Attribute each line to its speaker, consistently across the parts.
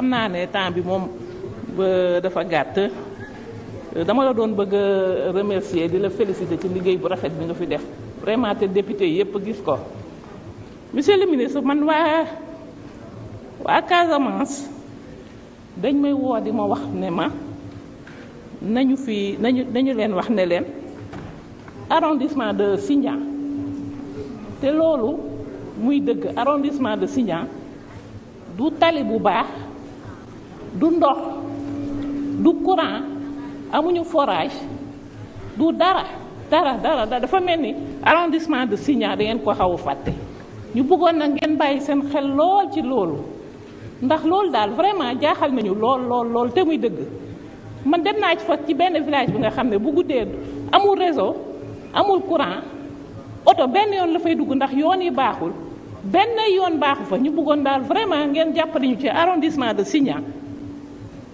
Speaker 1: xam naa ne temps bi moom ba dafa gàtt dama la doon bëgg a remercier di la féliciter ci liggéey bu rafet bi nga fi def vraiment te député yépp gis ko monsieur le ministre man waa waa Casamance dañ may woo ma wax ne ma nañu fi nañu nañu leen wax ne leen arrondissement de Sindian te loolu muy dëgg arrondissement de Sindian du tali bu baax du ndox du courant amuñu forage du dara dara dara dafa mel ni arrondissement de Signat da ngeen ko xaw a fàtte ñu buggoon nag ngeen bàyyi seen xel lool ci loolu ndax loolu daal vraiment jaaxal nañu lool lool lool te muy dëgg man dem naa ci fa ci benn village bi nga xam ne bu guddee amul réseau amul courant oto benn yoon la fay dugg ndax yoon yi baaxul benn yoon baaxu fa ñu buggoon daal vraiment ngeen jàppale ñu ci arrondissement de Signat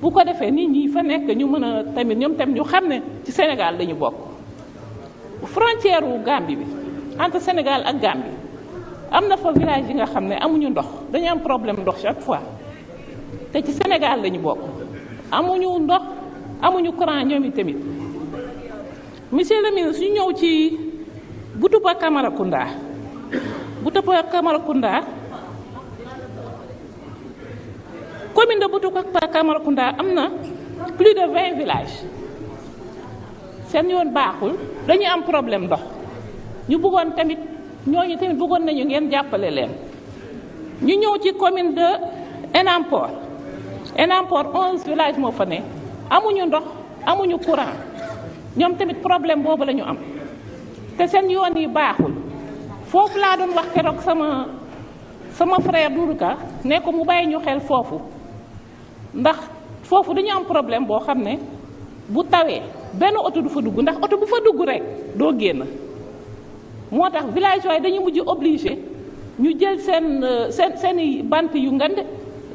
Speaker 1: bu ko defee nit ñi fa nekk ñu mën a tamit ñoom tamit ñu xam ne ci Sénégal lañu bokk frontière wu Gambie bi entre Sénégal ak Gambie am na fa village yi nga xam ne amuñu ndox dañu am problème ndox chaque fois te ci Sénégal lañu bokk amuñu ndox amuñu courant ñoom i tamit monsieur le su ñëw ci Boutoupa Camaracounda Boutoupa Camaracounda commune de Boutoupa Camaracounda am na plus de vingt village seen yoon baaxul dañuy am problème ndox ñu buggoon tamit ñooñu tamit bëggoon nañu ngeen jàppale leen ñu ñëw ci commune de Enampor Enampor onze villages moo fa ne amuñu ndox amuñu courant ñoom tamit problème boobu lañu am te seen yoon yi baaxul foofu laa doon wax keroog sama sama frère Doudou Ka nekk mu bàyyi ñu xel foofu ndax foofu dañu am problème boo xam ne bu tawee benn oto du fa dugg ndax oto bu fa dugg rek doo génn moo tax villageois yi dañu mujj obligé ñu jël seen euh, seen seeni bant yu ngand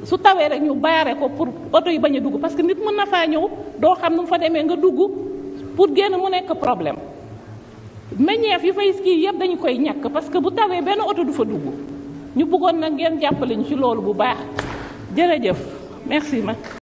Speaker 1: su tawee rek ñu baare ko pour oto yi bañ a dugg parce que nit mën na faa ñëw doo xam nu mu fa demee nga dugg pour génn mu nekk problème meññeef yu fay kii yëpp dañu koy ñàkk parce que bu tawee benn oto du fa dugg ñu buggoon nag ngeen jàppale ñu ci loolu bu baax jërëjëf. merci mag